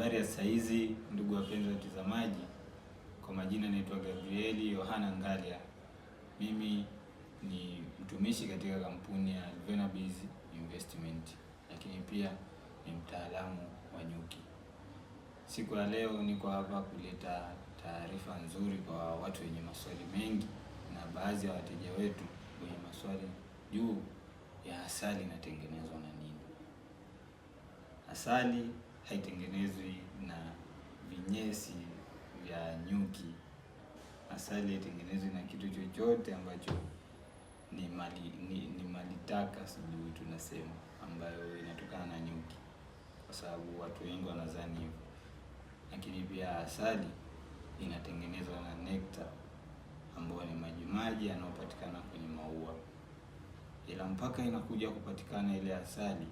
Habari ya saizi, ndugu wapenzi watazamaji, kwa majina naitwa Gabrieli Yohana Ngalia. Mimi ni mtumishi katika kampuni ya Venabiz Investment, lakini pia ni mtaalamu wa nyuki. Siku ya leo niko hapa kuleta taarifa nzuri kwa watu wenye maswali mengi na baadhi ya wateja wetu wenye maswali juu ya asali inatengenezwa na nini. Asali haitengenezwi na vinyesi vya nyuki. Asali haitengenezwi na kitu chochote ambacho ni mali ni, ni mali taka sijui tunasema, ambayo inatokana na nyuki, kwa sababu watu wengi wanadhani hivyo. Lakini pia asali inatengenezwa na nectar ambayo ni majimaji yanayopatikana kwenye maua, ila mpaka inakuja kupatikana ile asali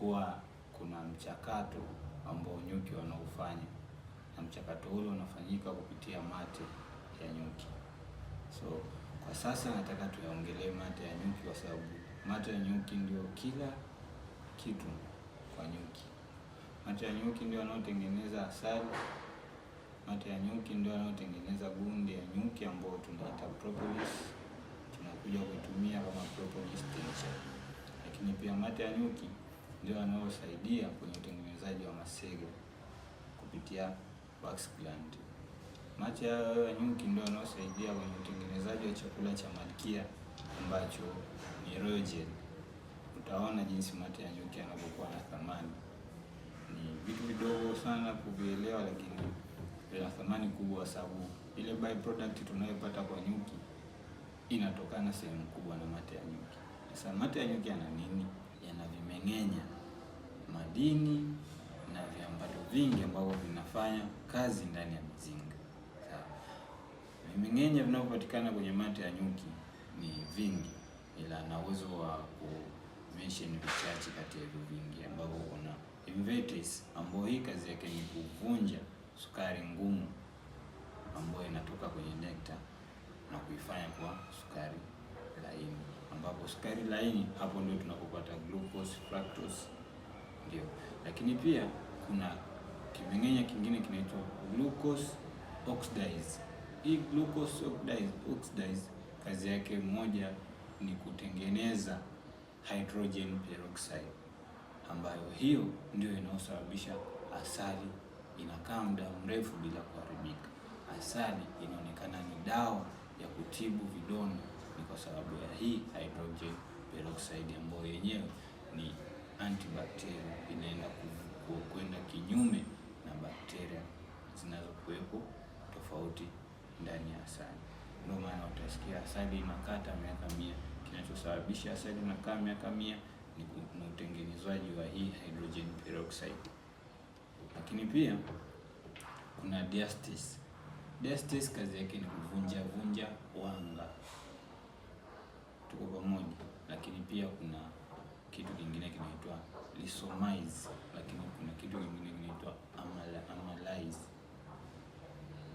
huwa kuna mchakato ambao nyuki wanaofanya na mchakato ule unafanyika kupitia mate ya nyuki. So kwa sasa nataka tuyaongelee mate ya nyuki, kwa sababu mate ya nyuki ndio kila kitu kwa nyuki. Mate ya nyuki ndio yanayotengeneza asali. Mate ya nyuki ndio yanayotengeneza gundi ya nyuki ambayo tunaita propolis, tunakuja kuitumia kama propolis tincture. Lakini pia mate ya nyuki ndio wanaosaidia kwenye utengenezaji wa masege kupitia wax gland. Macho ya wewe nyuki ndio wanaosaidia kwenye utengenezaji wa chakula cha malkia ambacho ni rojel. Utaona jinsi mate ya nyuki yanavyokuwa na thamani. Ni vitu vidogo sana kuvielewa, lakini vina thamani kubwa, sababu ile by product tunayopata kwa nyuki inatokana sehemu kubwa na mate ya nyuki. Sasa mate ya nyuki yana nini? Yana vimeng'enya madini na viambato vingi ambavyo vinafanya kazi ndani ya mizinga. Sawa. Vimeng'enya vinavyopatikana kwenye mate ya nyuki ni vingi, ila na uwezo wa ku mention vichache kati ya hivyo vingi ambavyo kuna invertase ambayo hii kazi yake ni kuvunja sukari ngumu ambayo inatoka kwenye nekta na kuifanya kuwa sukari laini, ambapo sukari laini hapo ndio tunapopata glucose, fructose ndio. Lakini pia kuna kimeng'enya kingine kinaitwa glucose oxidase. Hii glucose oxidase kazi yake moja ni kutengeneza hydrogen peroxide, ambayo hiyo ndio inayosababisha asali inakaa muda mrefu bila kuharibika. Asali inaonekana ni dawa ya kutibu vidonda, ni kwa sababu ya hii hydrogen peroxide ambayo yenyewe ni antibakteria inaenda kwenda kinyume na bakteria zinazokuwepo tofauti ndani ya asali. Ndio maana utasikia asali inakata miaka mia. Kinachosababisha asali inakaa miaka mia ni utengenezwaji wa hii hydrogen peroxide, lakini pia kuna diastase. Diastase kazi yake ni kuvunja vunja wanga, tuko pamoja. Lakini pia kuna kitu kingine kinaitwa lisomize, lakini kuna kitu kingine kinaitwa amylase.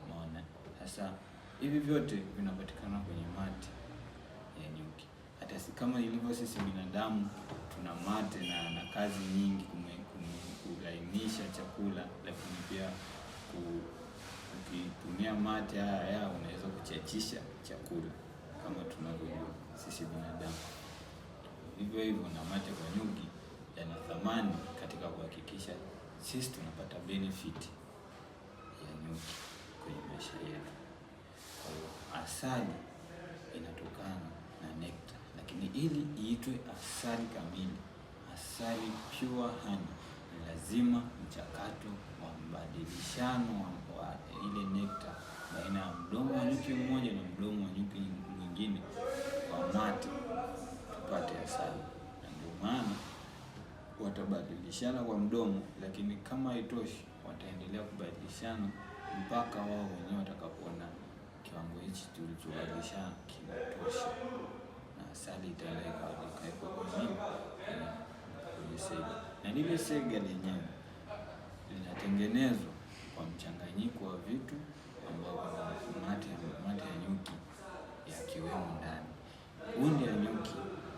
Maana Sasa hivi vyote vinapatikana kwenye mate ya nyuki. Hata si kama ilivyo sisi binadamu tuna mate na, na kazi nyingi kulainisha chakula, lakini pia ku, ukitumia mate haya ya unaweza kuchachisha chakula kama tuna hivyo hivyo na mate kwa nyuki yana thamani katika kuhakikisha sisi tunapata benefit ya nyuki kwenye maisha yetu. Kwa hiyo asali inatokana na nectar, lakini ili iitwe asali kamili, asali pure honey, ni lazima mchakato wa mbadilishano wa ile nectar baina ya mdomo wa nyuki mmoja na mdomo wa nyuki mwingine kwa mate wapate asali. na ndio maana watabadilishana kwa mdomo, lakini kama haitoshi wataendelea kubadilishana mpaka wao wenyewe watakapoona kiwango hichi tulichobadilishana kinatosha na asali itaeleka kwenye sega, na lile sega lenyewe linatengenezwa kwa mchanganyiko wa vitu ambavyo mate ya nyuki yakiwemo ndani, gundi ya nyuki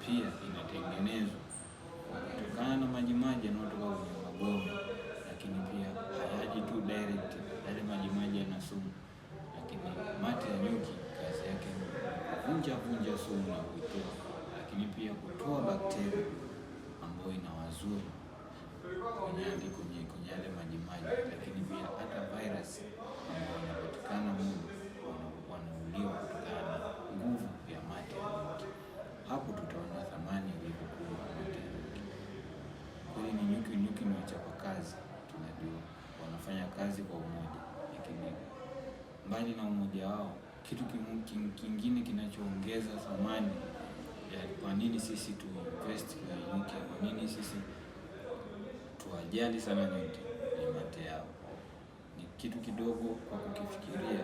pia inatengenezwa kutokana na majimaji yanayotoka kwenye magome, lakini pia hayaji tu direct, yale majimaji yana sumu. Lakini mate ya nyuki kazi yake ni kuvunja vunja sumu na kuitoa, lakini pia kutoa bakteria ambayo inawazuru kwenye andiko kazi kwa umoja yakimega. Mbali na umoja wao, kitu kingine kinachoongeza thamani ya kwa nini sisi tu invest kwa Nokia, kwa nini sisi tuwajali sana nyota ni mate yao. Ni kitu kidogo kwa kukifikiria,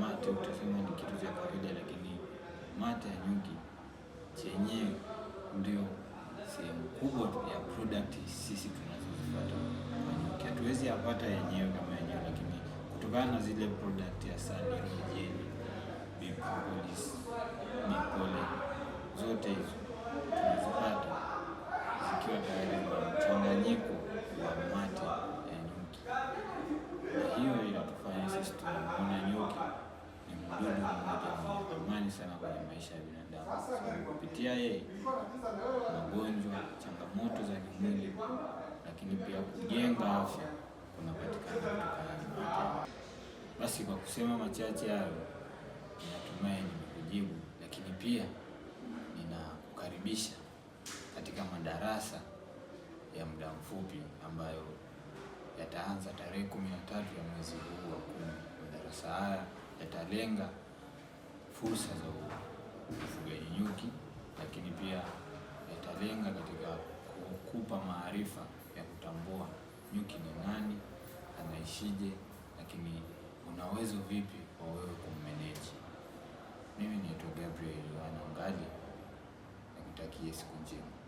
mate utasema ni kitu cha kawaida, lakini mate ya nyuki chenyewe ndio sehemu kubwa ya product sisi tunazozifuata kwa nyuki, hatuwezi yapata yenyewe kama kutokana na zile product ya sanirojeni bipolis bipole zote hizo tunazipata zikiwa tayari na mchanganyiko wa mate ya nyuki, na hiyo inatufanya sisi tunaona nyuki ni mdudu mmoja wa thamani sana kwenye maisha ya binadamu. Kupitia yeye magonjwa, changamoto za kimwili, lakini pia kujenga afya kunapatikana kutokana na basi kwa kusema machache hayo, ninatumai nimekujibu, lakini pia ninakukaribisha katika madarasa ya muda mfupi ambayo yataanza tarehe kumi na tatu ya mwezi huu wa kumi. Madarasa haya yatalenga fursa za ufugaji nyuki, lakini pia yatalenga katika kukupa maarifa ya kutambua nyuki ni nani, anaishije, lakini una uwezo vipi kwa wewe kummeneji. Mimi naitwa Gabriel Yohana Ngali, siku njema.